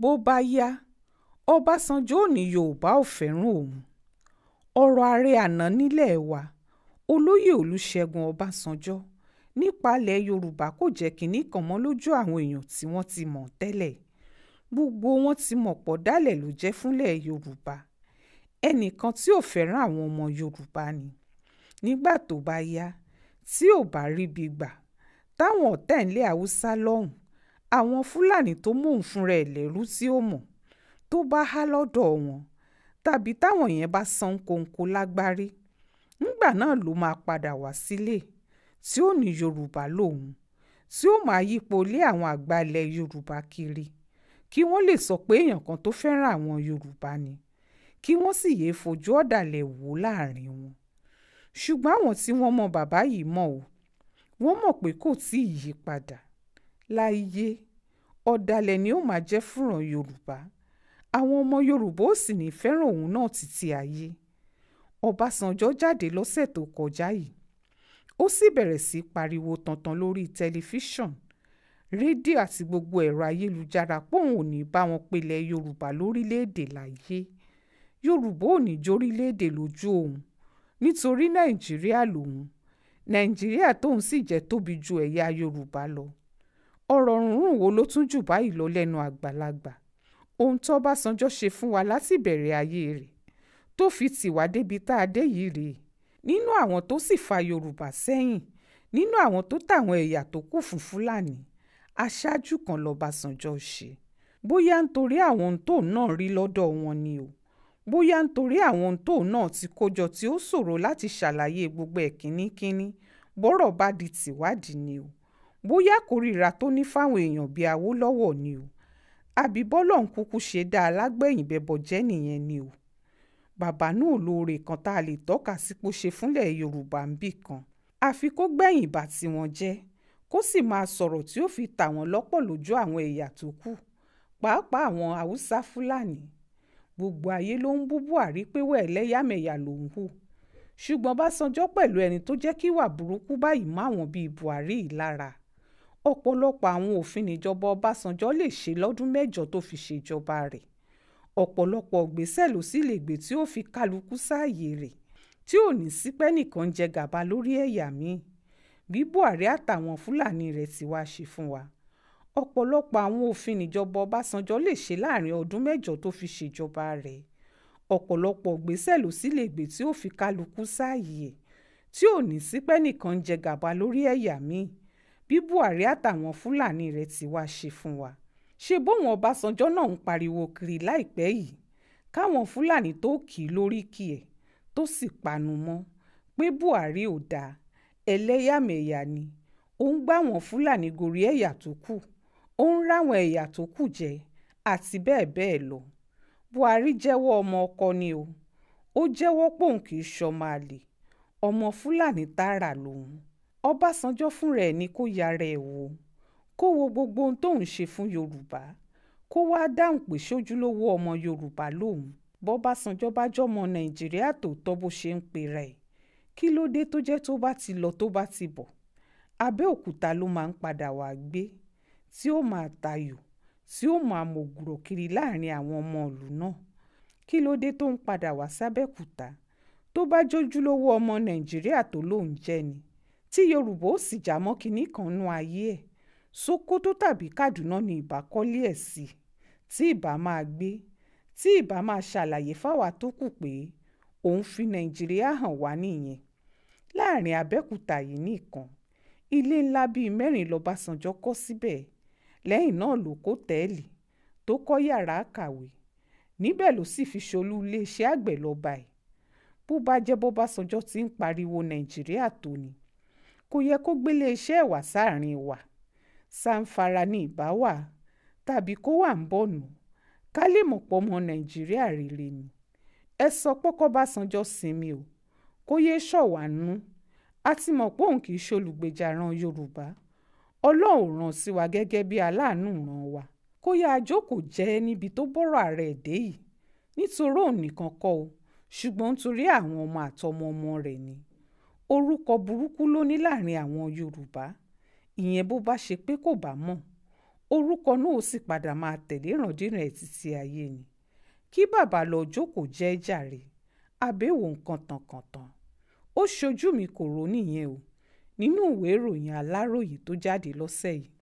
bó bá yá ọbànjọ́ ò ní yorùbá ò fẹ́ràn òun ọ̀rọ̀ ààrẹ àná nílé wa olóyè olùṣègùn ọbànjọ́ nípalẹ̀ yorùbá kò jẹ́ kinní kan mọ́ lójú àwọn èèyàn tí wọ́n ti mọ̀ tẹ́lẹ̀ gbogbo wọn ti mọ̀ pọ̀ dálẹ̀ ló jẹ́ fúnlẹ̀ yorùbá ẹnìkan tí ò fẹ́ràn àwọn ọmọ yorùbá ni nígbà tó bá yá tí ò bá ríbi gbà táwọn ọ̀tá ìlẹ̀ haúsá lọ́hùn àwọn fúlàní tó móun fúnra ẹ̀ lẹ́rú tí ó mọ̀ tó bá há lọ́dọ̀ wọn tàbí táwọn yẹn bá san kòǹkò lágbárí nígbà náà ló máa padà wá sílé tí ó ní yorùbá lòun tí ó máa yípo lé àwọn àgbà yorùbá kiri kí wọ́n lè sọ pé èèyàn kan tó fẹ́ràn àwọn yorùbá ni kí wọ́n sì yéé fojú ọ̀dàlẹ̀ wò láàrin wọn ṣùgbọ́n àwọn tí wọ́n mọ bàbá yìí mọ̀ o wọ́n mọ̀ pé kò tí ì yí padà láíyé ọ̀dàlẹ̀ ni ó máa jẹ́ fúnra yorùbá àwọn ọmọ yorùbá ó sì ní fẹ́ràn òun náà títí ayé ọbásanjọ́ jáde lọ́sẹ̀ tó kọjá yìí ó sì bẹ̀rẹ̀ sí pariwo tantan lórí tẹlifíṣọ̀n rédíò àti gbogbo ẹ̀rọ ayélujára póun ò ní bá wọn pelẹ̀ yorùbá lórílẹ̀‐èdè láyé yorùbá ò ní jórílẹ̀‐èdè lójú òun nítorí nàìjíríà lòun nàìjíríà tóun sì jẹ́ tóbi ju ẹ̀yà yorùbá lọ ọ̀rọ̀ rúnrún wo ló tún jù báyìí lọ lẹ́nu àgbàlagbà ohun tó Ọbásanjọ́ ṣe fún wa láti bẹ̀rẹ̀ ayé rẹ̀ tó fi tì wá débi tá a dé yìí rèé nínú àwọn tó sì fa Yorùbá sẹ́yìn nínú àwọn tó tàwọn ẹ̀yà tó kù fún Fúlàní aṣáájú kan lọ́básanjọ́ ṣe bóyá nítorí àwọn ohun tóun náà rí lọ́dọ̀ wọn ni o bóyá nítorí àwọn ohun tóun náà ti kójọ tí ó ṣòro láti ṣàlàyé gbogbo ẹ̀ kínníkínní bọ́rọ̀ bá di tìwádìí ni o bóyá kórìíra tó ní fáwọn èèyàn bíi Awólọ́wọ̀ ni o àbí bọ́lọ́hún kúkú ṣe dá alágbẹ̀yìn bẹbọ jẹ́ nìyẹn ni o bàbá náà lóore kan tá a lè tọ́ka sí pò ṣe fúnlẹ̀ Yorùbá ń bì kan àfi kó gbẹ̀yìn bá tiwọn jẹ́ kó sì máa sọ̀rọ̀ tí ó fi tà wọ́n lọ́pọ̀ lójú àwọn ẹ̀yà tó kù pàápàá àwọn Haúsá Fúlàní gbogbo ayé ló ń bú Buhari pé wẹ́ ẹlẹ́yàmẹ̀yà lòún hù ṣùgbọ́n Ọbásanjọ́ pẹ̀lú ẹni tó jẹ́ kí wà burúkú báyìí máwọn bíi Buhari lára ọ̀pọ̀lọpọ̀ àwọn òfin níjọba ọbásanjọ́ lè ṣe lọ́dún mẹ́jọ tó fi ṣèjọba rẹ̀ ọ̀pọ̀lọpọ̀ ìgbésẹ̀ ló sì lè gbé tí ó fi kálukú sáàyè rẹ̀ tí ò ní sí pẹ́nìkan jẹ gàba lórí ẹ̀yà míì bí buhari àtàwọn fúlàní rẹ̀ ti wá ṣe fún wa ọ̀pọ̀lọpọ̀ àwọn òfin níjọba ọbásanjọ́ lè ṣe láàrin ọdún mẹ́jọ tó fi ṣèjọba rẹ̀ ọ̀pọ̀lọpọ̀ ìgbésẹ̀ ló sì lè gbé tí ó fi kálukú sáàyè tí ò ní sí pẹ́nìkan jẹ gàba lórí ẹ̀yà míì bí buhari àtàwọn fúlàní rẹ̀ tí wàá ṣe fún wa ṣe bóun ọbàṣánjọ́ náà ń pariwo kiri láìpẹ́ yìí káwọn fúlàní tó kì í lórí kì ẹ̀ tó sì panu mọ́ pé buhari ò dáa ẹlẹ́yàmẹ̀yà ni ó ń gbá àwọn fúlàní gorí ẹ̀yà tó kù ó ń ráwọn ẹ̀yà tó kù jẹ àti bẹ́ẹ̀ bẹ́ẹ̀ lọ buhari jẹ́wọ́ ọmọ ọkọ ni o ó jẹ́wọ́ pòun kì í ṣọmọ àlè ọmọ fúlàní tààrà lòun ọbànjọ́ fúnra ẹ̀ ní kó yára ẹ̀ wò kó wo gbogbo ohun tóun ṣe fún yorùbá kó wáá dáhùn pé sójúlówó ọmọ yorùbá lòun bọ́básanjọ́ bá jọmọ nàìjíríà tòótọ́ bó ṣe ń pera ẹ̀ kí ló dé tó jẹ́ tó bá ti lọ tó bá ti bọ̀ abẹ́òkúta ló máa ń padà wàá gbé tí ó máa tayò tí ó máa mògùrò kiri láàrin àwọn ọmọ ìlú náà kí ló dé tó ń padà wá sábẹ́kúta tó bá jójúlówó ọmọ nàìjíríà tó lóun jẹ́ ni tí yorùbá ò sì já mọ́ kinní kan nú ayé ẹ̀ sokoto tàbí kaduna ni ìbá kọ́lé ẹ̀ sí tí ìbá máa gbé tí ìbá máa ṣàlàyé fáwa tó kù pé òun fi nàìjíríà hàn wá nìyẹn láàrin abẹ́òkúta yìí nìkan ilé ńlá bíi mẹ́rin lọ́básanjọ́ kọ́ síbẹ̀ lẹ́yìn náà ló kó tẹ́ẹ̀lì tó kọ́ yàrá kàwé níbẹ̀ ló sì fi ṣolú iléeṣẹ́ àgbẹ̀ lọ́ba ẹ̀ bó bá jẹ́ bọ́básanjọ́ ti ń pariwo nàìjíríà tó ni kò yẹ kó gbélé iṣẹ́ ẹ̀wà sáàrin wa sanfara ni ìbá wà tàbí kó wà ń bọ̀nù ká lè mọ̀ pọ̀ ọmọ nàìjíríà rere ni ẹ sọ pé kọ́básanjọ́ sinmi o kó yéé ṣọ̀wánú a ti mọ̀ pé òun kì í ṣolùgbèjà ran yorùbá ọlọ́run ràn sí wa gẹ́gẹ́ bí aláàánú ràn wa kó yáa jókòó jẹ́ níbi tó bọ́rọ̀ ààrẹ ẹ̀dẹ́ yìí nítorí òun nìkan kọ́ o ṣùgbọ́n nítorí àwọn ọmọ àtọmọ ọmọ rẹ̀ ni orúkọ burúkú ló ní láàrin àwọn yorùbá ìyẹn bó bá ṣe pé kò bá mọ̀ orúkọ náà sì padà máa tẹ̀lé ìrandíran ẹ̀ títí ayé ni kí bàbá lọ jókòó jẹ́ jàre àbẹ̀wò nǹkan tànkàntàn ó ṣojú mi kò rò nìyẹn o nínú ìwé ìròyìn aláròye tó jáde lọ́sẹ̀ yìí